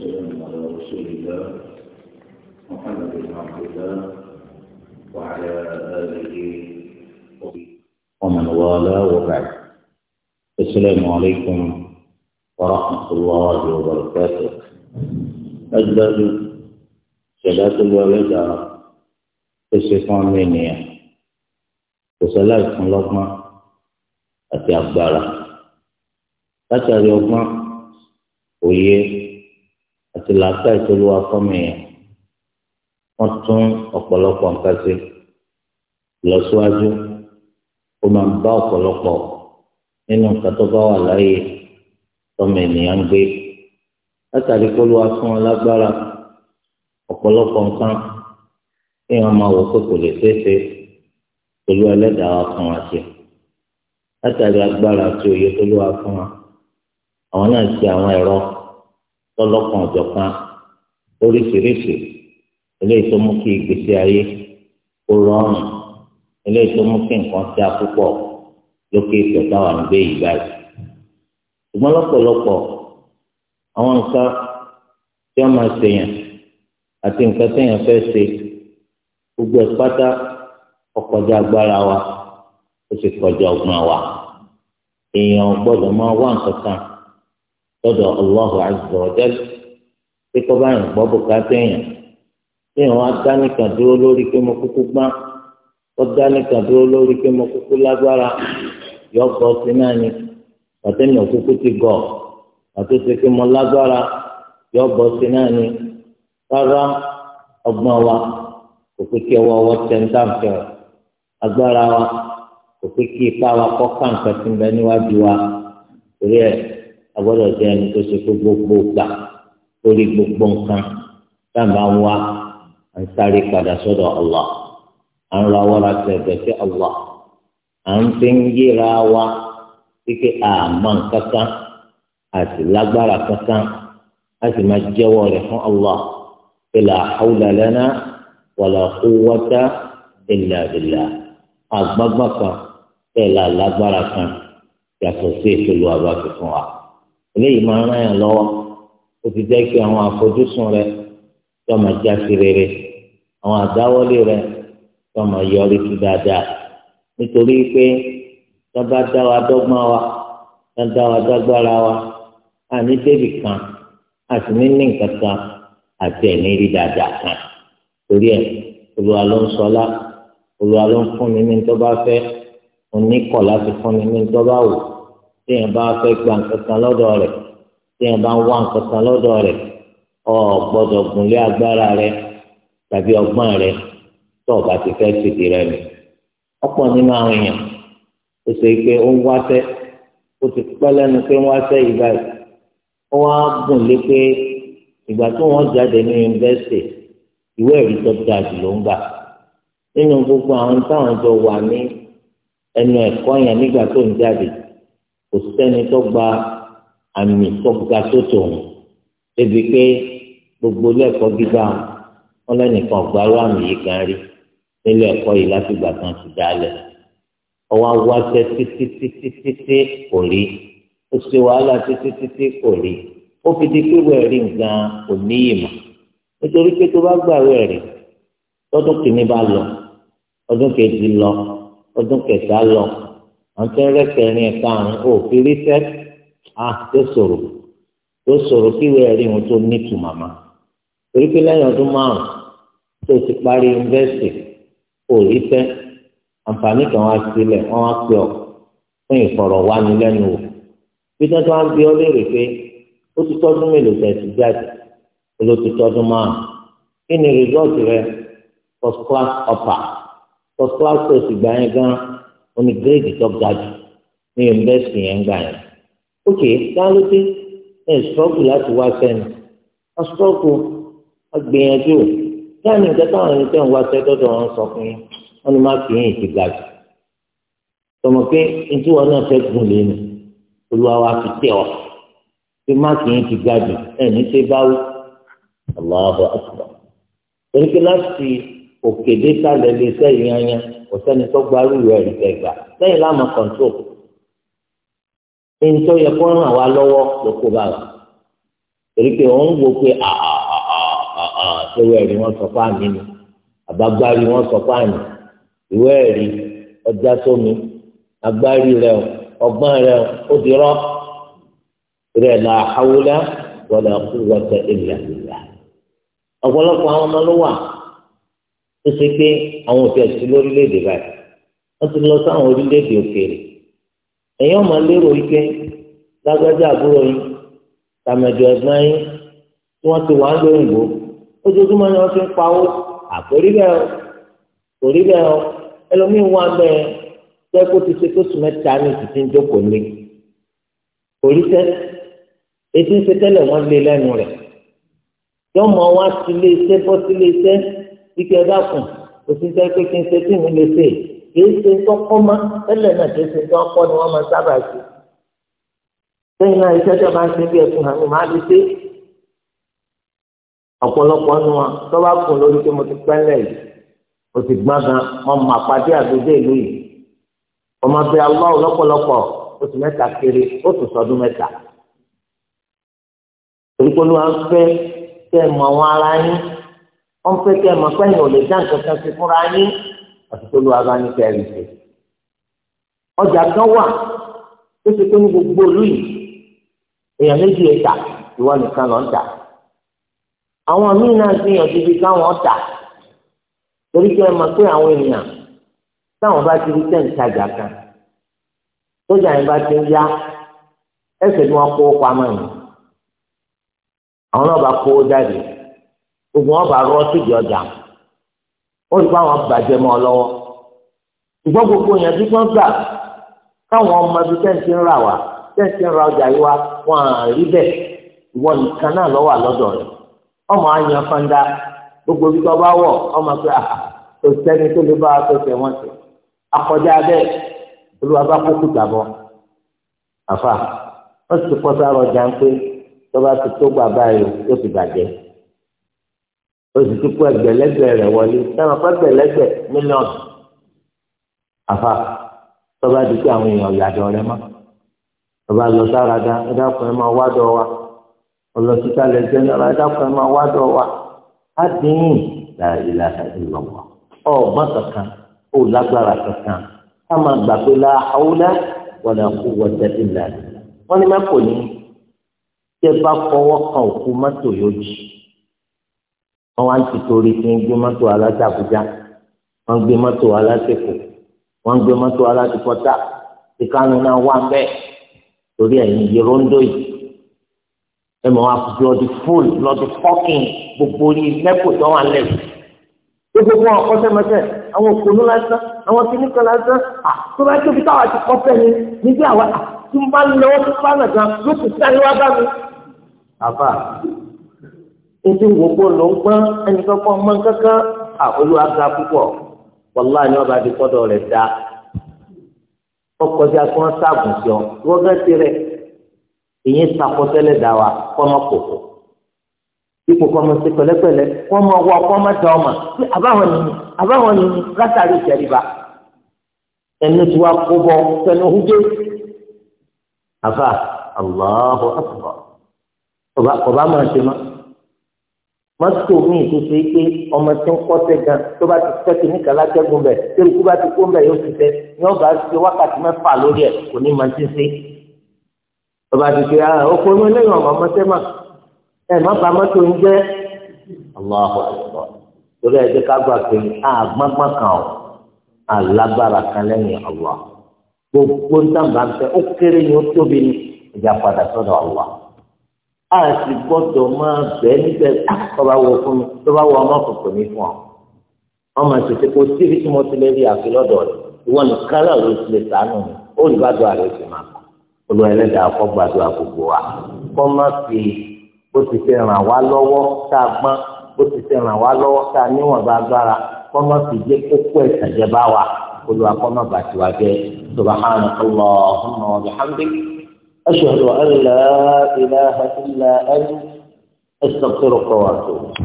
والسلام على رسول الله محمد بن عبد الله وعلى آله ومن والاه وبعد السلام عليكم ورحمة الله وبركاته أجداد صلاة الوالدة تشفى مني وصلاة اللهم أتي أخبارها أتى اليوم òye àti làákà ìtòlúwa fọ́mìyàn wọ́n tún ọ̀pọ̀lọpọ̀ nǹkan sí lọ́síwájú ó máa ń bá ọ̀pọ̀lọpọ̀ nínú nǹkan tó bá wà láàyè tọ́mọ ènìyàn ń gbé látàrí kólúwa fún wọn lágbára ọ̀pọ̀lọpọ̀ nǹkan kí wọ́n máa wò pé kò lè ṣeéṣe pẹ̀lú ẹlẹ́dàá wa fún wa ṣe látàrí agbára àti òye tólúwa fún wa àwọn náà ṣe àwọn ẹ̀rọ lọ́lọ́kan ọ̀jọ̀kan oríṣiríṣi eléyìí tó mú kí ìgbésí ayé kó rọrùn eléyìí tó mú kí nǹkan dá púpọ̀ lókè ìtọ́ta wà ń gbé yìí báyìí. ṣùgbọ́n lọ́pọ̀lọpọ̀ àwọn nǹkan tí wọ́n máa ṣèyàn àti nǹkan téèyàn fẹ́ ṣe gbogbo ẹ̀ pátá ọkọjá agbára wa ó sì kọjá ọgbọ́n wa èèyàn gbọ́dọ̀ máa wá nǹkan kan lọ́dọ̀ Allahu azza wa jalla pé kọ́ báyìí gbọ́ bùkátà èèyàn téèyàn wá dá nìkan dúró lórí pé mo kúkú gbá ó dá nìkan dúró lórí pé mo kúkú lágbára yọ sí náà ni ò kúkú ti gọ̀ lágbára yọ sí náà ni rárá wa kò pé wa kò pé wa kọ́ ti ń agbọ́dọ̀ jẹ́ ẹni tó ṣe pé gbogbo gbà lórí gbogbo nǹkan dáàbà ń wá à ń sáré padà sọ́dọ̀ Allah à ń ra wọ́ra tẹ̀gbẹ́ sí Allah à ń fi ń yíra wa kíkẹ́ àmọ́ kankan àti lágbára kankan a sì máa jẹ́wọ́ rẹ̀ fún Allah ìlà hawla lana wàlà quwwata illa billah àgbàgbà kan tẹ̀lé alágbára kan yàtọ̀ sí ètò ìlú fún wa eléyìí máa ràn yàn lọ́wọ́ ó fi jẹ́ kí àwọn àfojúsùn rẹ tó máa já sí rere àwọn àdáwọ́lé rẹ tó máa yọrí sí dáadáa nítorí pé tó bá dá wa dọ́gbọ́n wa tó dá wa dọ́gbára wa àní débì kan àti níní nǹkan kan àti ẹ̀mí rí dáadáa kan torí ẹ̀ olúwa ló ń sọlá olúwa ló ń fún mi ní tó bá fẹ́ oníkọ̀ láti fún mi ní tó bá wù téèyàn bá fẹ́ gba nǹkan kan lọ́dọ̀ rẹ̀ téèyàn bá ń wá nǹkan kan lọ́dọ̀ rẹ̀ o gbọ́dọ̀ gúnlé agbára rẹ̀ tàbí ọgbọ́n rẹ̀ tó o bá ti fẹ́ tìdí rẹ̀ nì. ọ̀pọ̀ nínú àwọn èèyàn ó ṣe pé ó ń wáṣẹ́ ó ti pẹ́ lẹ́nu pé ń wáṣẹ́ ìgbà yìí ó wá gúnlé pé ìgbà tó wọ́n jáde ní yunifásitì ìwé ẹ̀rí tó dáa jù ló ń gbà nínú gbogbo àwọn táwọn jọ wà ní ẹnu ẹ̀kọ́ yẹn nígbà tó ń jáde kò sẹ́ni tó gba àmì tó ga tó tòun ebi pé gbogbo lẹ́ẹ̀kọ́ gíga wọn lẹ́nìkan ọ̀gbárò àmì yìí kan rí nílé ẹ̀kọ́ yìí láti gbà kan ti dálẹ̀ ọwọ́ awọ́ aṣẹ títí títí títí kò rí ó ṣe wàhálà títí títí kò rí ó fi di pé ẹ̀rí nǹkan kò níyì mọ́ nítorí pé tó bá gbàwé ẹ̀rí tọ́dún kìíní bá lọ ọdún kejì lọ ọdún kẹta lọ wọn ti ń rẹ́kẹ̀rin ẹ̀ka àrùn ó fi rí fẹ́ a tó sọ̀rọ̀ tó sọ̀rọ̀ kí ìwé ẹ̀rí wọn tó nítumọ̀ mọ́ torí pé lẹ́yìn ọdún márùn tó ti parí yunifásitì ó rí fẹ́ àǹfààní kan wá sílẹ̀ wọ́n wá pè ọ́ fún ìfọ̀rọ̀wánilẹ́nuwò bí tọ́jú wá ń bí ọ léèrè pé ó ti tọ́dún mélòó tẹ̀ jáde ló ti tọ́dún márùn kí ni rìsọ́ọ̀tì rẹ first class upper first class tó sì gbà yẹn gan-an ó ní gírèdì tó ga jù ní yunifásitì yẹn gbà yẹn ok dáhùn pé ẹ ṣọ́ọ̀bù láti wá sẹ́nu a ṣọ́ọ̀bù a gbìyànjú nǹkan táwọn ẹni tẹ́ ń wá sẹ́ dọ́dọ̀ wọn sọ fún yín wọn ni má fi yín ìtì ga jù tọmọ pé etí wọn náà fẹ́ gùn lẹ́nu olúwa wa fi tẹ̀ ọ́ pé má fi yín ìtì ga jù ẹ̀ ní ṣe báwí aláàbọ̀ àtúbọ̀ torí pé láti òkè dé sálẹ̀ lè sẹ́yìn yanyan kò sẹ́ni tó gbarú rẹ̀ rí tẹ̀gbà sẹ́yìn láàmú kọ̀ǹtró ẹni tó yẹ kó ràn wá lọ́wọ́ ló kó bá wa torí pé òun wo pé ṣéwé ẹ̀rí wọn sọ fún àmì ni àbágbárí wọn sọ fún àmì ìwé ẹ̀rí ọjà sómi agbárí rẹ ọgbọ́n rẹ ó ti rọ́ rẹ̀ là hawla wala quwwata illa billah ọ̀pọ̀lọpọ̀ àwọn ọmọ ló wà tó ṣe pé àwọn òfin ẹ̀sìn lórílẹ̀‐èdè báyìí wọ́n ti lọ sáwọn orílẹ̀‐èdè òkèèrè ẹ̀yin ọmọ lérò wípé lágbájá àbúrò yín tàmẹ̀dù ẹ̀gbọ́n yín tí wọ́n ti wà ń lóyìnbó ojoojúmọ́ ni wọ́n fi ń pawó àkórí bẹ́ẹ̀ o kórí bẹ́ẹ̀ o ẹlòmíín wà ń bẹ́ẹ̀ jẹ́ kó ti ṣe tó sùn mẹ́ta ní ìtìtì ń jókòó lé kórí tẹ́ etí ń ṣe tẹ́lẹ̀ wọ́n lé lẹ́nu rẹ̀ yọ́mọ wá sílé iṣẹ́ bọ́ sílé iṣẹ́ kíkẹ́ ẹ dákun òṣìṣẹ́ pé kí n ṣe tí mi lè ṣe kì í ṣe tọ́kọ́ má tẹ́lẹ̀ náà kì í ṣe tọ́kọ́ ni wọ́n máa sábà ṣe. sẹ́yìn náà iṣẹ́ tí a bá ń ṣe bí ẹ̀sùn àmì máa lè ṣe ọ̀pọ̀lọpọ̀ nu wa tó bá kùn lórí pé mo ti pẹ́lẹ̀ yìí mo ti gbọ́n gan mo mà pàdé àgbègbè ìlú yìí ọmọ bíi aláwọ̀ lọ́pọ̀lọpọ̀ oṣù mẹ́ta kiri oṣù sọdún mẹ́ta torí pé olúwa ń fẹ́ kẹ́ ẹ mọ àwọn ara yín wọn fẹ́ kẹ́ ẹ mọ̀ pé ẹ̀yin ò lè dá nǹkan kan ṣe fúnra yín àti tó lu ara ní kẹrì ṣe ọjà kan wà tó ṣe pé ní gbogbo olú yìí èèyàn méjì ẹ tà ìwọ nìkan lọ ń tà àwọn míì náà gbìyànjú bí káwọn tà torí kẹ́ ẹ mọ̀ pé àwọn èèyàn táwọn bá ti rí tẹ̀ǹtajà kan sójà yẹn bá ti ń yá ẹsẹ̀ ni wọ́n kó pamọ́ yìí àwọn náà bá kó jáde ogun ọba rọ síbi ọjà ó rí báwọn bàjẹ́ mọ́ ọ lọ́wọ́ ṣùgbọ́n gbogbo yẹn tí wọ́n gbà káwọn ọmọ ibi tẹ́ǹtì ń rà wá tẹ́ǹtì ń ra ọjà yìí wá wọn à rí bẹ́ẹ̀ ìwọ nìkan náà lọ́wọ́ àlọ́dọ̀ rẹ̀ ọmọ àyàn fanda gbogbo ibi tó bá wọ̀ ọmọ pé àhà kò sẹ́ni tó lè bá a tẹ̀sẹ̀ wọn tẹ̀ akọjá bẹ́ẹ̀ olúwa bá kókó gbàbọ̀ àfà wọ́n ti pọ́ sára ọjà ń pé tó bá ti tó gbà báyìí tó ti bàjẹ́ oṣù tó kó ẹgbẹ̀lẹ́gbẹ̀ rẹ̀ wọlé táwọn afọ ẹgbẹ̀lẹ́gbẹ̀ mílíọ̀nù àfa tọ́ba di pé àwọn èèyàn yàdọ̀ rẹ mọ́ tọ́ba lọ sára dá ẹ̀dáfọ́ ẹ̀ máa wádọ̀ wa ọlọ́sítà lẹ́sẹ̀ náà ẹ̀dáfọ́ ẹ̀ máa wádọ̀ wa á dín ìlà ìlọ̀wọ̀ ọ̀gbọ́n kankan ó lágbára kankan ká máa gbà pé la haúlá wala quwwata illa billah wọ́n ní mẹ́kò ní tẹ́ bá fọwọ́ kan òkú mọ́tò yóò jì wọ́n wá ń tìtorí kí n gbé mọ́tò wa láti Àbújá wọ́n gbé mọ́tò wa láti Èkó wọ́n gbé mọ́tò wa láti Pọ́tà ìkànnì náà wà bẹ́ẹ̀ torí ẹ̀yìn yìrọ́ńdó yìí ẹ mọ̀ wá fi lọ́ọ́ di fóòl lọ́ọ́ di fọ́kìn gbogbo orí lẹ́kọ̀ọ́ tó wà lẹ́yìn gbogbo wọn kọ́sẹ́mẹsẹ̀ àwọn òkòló lásán àwọn kìnnìkan lásán à tó bá tóbi táwa ti kọ́ ni níbi àwa tí n bá lọ́wọ́ tó bá nàkan ló kù sí bá mi ètò ìwòpọ̀ ló ń pọ́n ẹnìkan pọ́n mọ́ kankan àolúwa ga púpọ̀ wàlúwà ni wọ́n bá di kọ́dọ̀ rẹ̀ dá ọkọ̀ tí a tún wọ́n sáàbùn sí ọ wọ́n gẹ́ tirẹ̀ èyí sakọ́tẹ́lẹ̀ dá wa kọ́mọ kòkó ipò kọ́mọ sí pẹ̀lẹ́pẹ̀lẹ́ kọ́mọ wọ kọ́mọ dá ọmọ pé àbáwọn nìyí àbáwọn nìyí látàrí ìjẹrìbá ẹni tí wàá kó bọ sẹni húdé àfà Allahu akbar ọba máa ṣe máa mọ́tò míì tó ṣe é pé ọmọ tí ń kọ́sẹ̀ gan tó bá ti fẹ́ kìíní kan látẹ́gùn bẹ̀ tẹ́lifú bá ti kó bẹ̀ yóò ti fẹ́ ní ọba ṣe wákàtí mẹ́fà lórí ẹ̀ kò ní máa ti ṣe. ọba ah, ti ṣe ara oko inú lẹ́yìn ọmọ ọmọọṣẹ́ mà ẹ má ba mọ́tò ń jẹ́ aláwọ̀ àlọ́ lórí ẹ̀jẹ̀ ká gbà pé àgbọ̀ngbọ̀n kan ọ̀ alágbára kan lẹ́yìn ọ̀wà gbogbo ń tàbá ń fẹ́ ó kéré ni ó tóbi ni ìjà padà sọ́dọ̀ ọ̀wà a sì gbọ́dọ̀ máa bẹ́ẹ̀ níbẹ̀ ah, tọ́ba wọ fún mi tọ́ba wọ ọmọ kọ̀ọ̀kan mi fún ọ. wọ́n máa ṣètò kó síbi tí mo ti lè rí àfi lọ́dọ̀ rẹ̀ ìwọ nìkan náà ló ti lè sànù mi ó rí bá máa kọ́ olú ẹlẹ́dàá kọ́ gbàdúrà gbogbo wa kọ́ má fi bó ti fẹ́ ràn wá lọ́wọ́ tá a gbọ́n bó ti fẹ́ ràn wá lọ́wọ́ tá a níwọ̀n bá gbára kọ́ má fi jẹ́ kókó ẹ̀sàjẹ́ bá wa olú akọ́ má bàtí wa jẹ́ subhanallahu wa bihamdihi. أشهد أن لا إله إلا أنت أستغفرك وأتوب